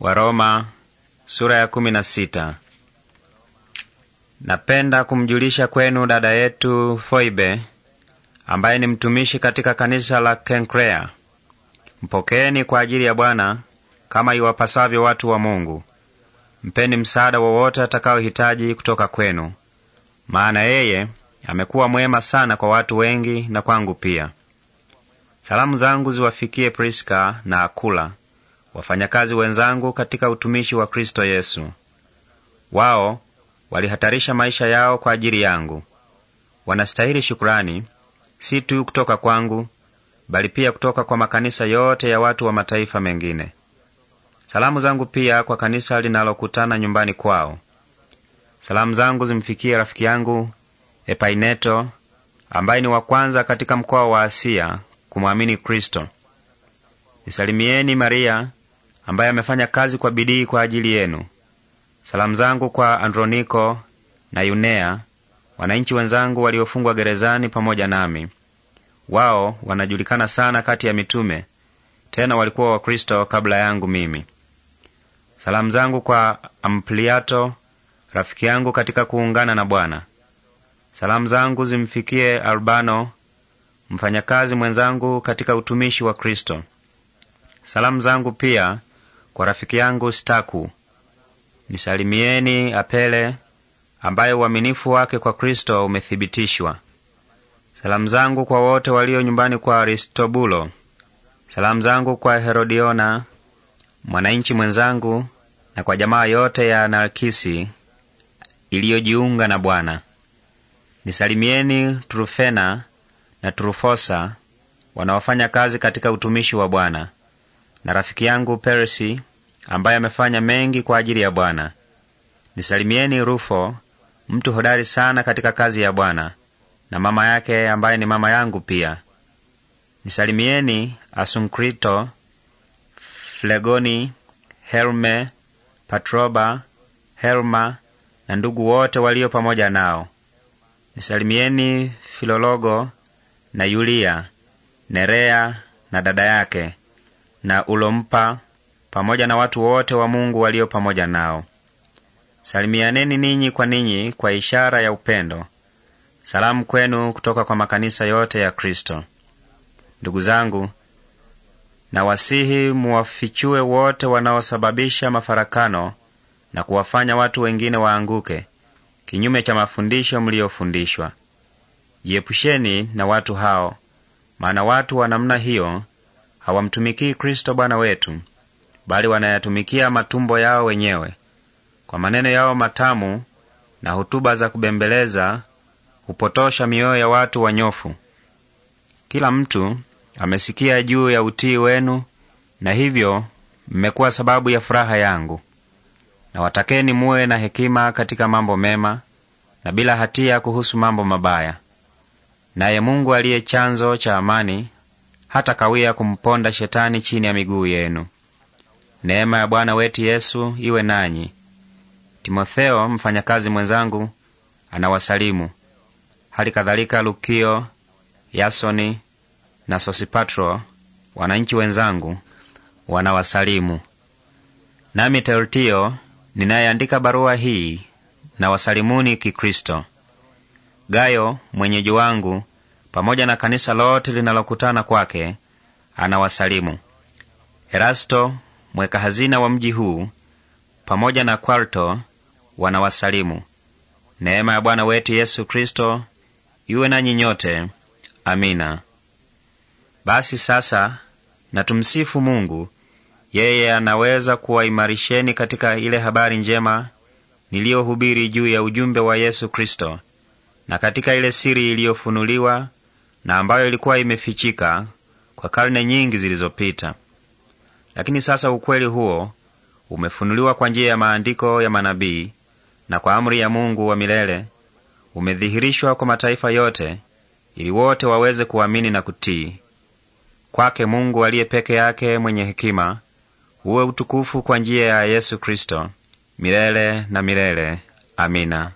Waroma, sura ya kumi na sita. Napenda kumjulisha kwenu dada yetu Foibe ambaye ni mtumishi katika kanisa la Kenkrea. Mpokeeni kwa ajili ya Bwana kama iwapasavyo watu wa Mungu. Mpeni msaada wowote atakaohitaji kutoka kwenu, maana yeye amekuwa mwema sana kwa watu wengi na kwangu pia. Salamu zangu ziwafikie Priska na Akula wafanyakazi wenzangu katika utumishi wa Kristo Yesu. Wao walihatarisha maisha yao kwa ajili yangu. Wanastahili shukurani si tu kutoka kwangu, bali pia kutoka kwa makanisa yote ya watu wa mataifa mengine. Salamu zangu pia kwa kanisa linalokutana nyumbani kwao. Salamu zangu zimfikie rafiki yangu Epaineto ambaye ni wa kwanza katika mkoa wa Asia kumwamini Kristo. Nisalimieni Maria ambaye amefanya kazi kwa bidii kwa ajili yenu. Salamu zangu kwa Androniko na Yunea, wananchi wenzangu waliofungwa gerezani pamoja nami. Wao wanajulikana sana kati ya mitume, tena walikuwa Wakristo kabla yangu mimi. Salamu zangu kwa Ampliato rafiki yangu katika kuungana na Bwana. Salamu zangu zimfikie Albano mfanyakazi mwenzangu katika utumishi wa Kristo. Salamu zangu pia kwa rafiki yangu Staku nisalimieni Apele, ambaye uaminifu wake kwa Kristo umethibitishwa. Salamu zangu kwa wote walio nyumbani kwa Aristobulo. Salamu zangu kwa Herodiona mwananchi mwenzangu, na kwa jamaa yote ya Narkisi iliyojiunga na Bwana. Nisalimieni Turufena na Turufosa wanaofanya kazi katika utumishi wa Bwana, na rafiki yangu persi ambaye amefanya mengi kwa ajili ya Bwana. Nisalimieni Rufo, mtu hodari sana katika kazi ya Bwana, na mama yake ambaye ni mama yangu pia. Nisalimieni Asunkrito, Flegoni, Herme, Patroba, Herma na ndugu wote walio pamoja nao. Nisalimieni Filologo na Yulia, Nerea na dada yake na Ulompa pamoja na watu wote wa Mungu walio pamoja nao. Salimianeni ninyi kwa ninyi kwa ishara ya upendo. Salamu kwenu kutoka kwa makanisa yote ya Kristo. Ndugu zangu, nawasihi muwafichue wote wanaosababisha mafarakano na kuwafanya watu wengine waanguke kinyume cha mafundisho mliyofundishwa. Jiepusheni na watu hao, maana watu wa namna hiyo hawamtumikii Kristo Bwana wetu bali wanayatumikia matumbo yao wenyewe. Kwa maneno yao matamu na hutuba za kubembeleza hupotosha mioyo ya watu wanyofu. Kila mtu amesikia juu ya utii wenu, na hivyo mmekuwa sababu ya furaha yangu. Na watakeni muwe na hekima katika mambo mema na bila hatia kuhusu mambo mabaya. Naye Mungu aliye chanzo cha amani hata kawia kumponda shetani chini ya miguu yenu. Neema ya Bwana wetu Yesu iwe nanyi. Timotheo mfanyakazi mwenzangu anawasalimu, hali kadhalika Lukio, Yasoni na Sosipatro wananchi wenzangu wanawasalimu. Nami Tertio ninayeandika barua hii na wasalimuni Kikristo. Gayo mwenyeji wangu pamoja na kanisa lote linalokutana kwake anawasalimu. Erasto Mweka hazina wa mji huu pamoja na Kwarto wanawasalimu. Neema ya Bwana wetu Yesu Kristo iwe nanyi nyote. Amina. Basi sasa natumsifu Mungu. Yeye anaweza kuwaimarisheni katika ile habari njema niliyohubiri juu ya ujumbe wa Yesu Kristo, na katika ile siri iliyofunuliwa na ambayo ilikuwa imefichika kwa karne nyingi zilizopita. Lakini sasa ukweli huo umefunuliwa kwa njia ya maandiko ya manabii na kwa amri ya Mungu wa milele, umedhihirishwa kwa mataifa yote, ili wote waweze kuamini na kutii. Kwake Mungu aliye peke yake mwenye hekima, uwe utukufu kwa njia ya Yesu Kristo milele na milele. Amina.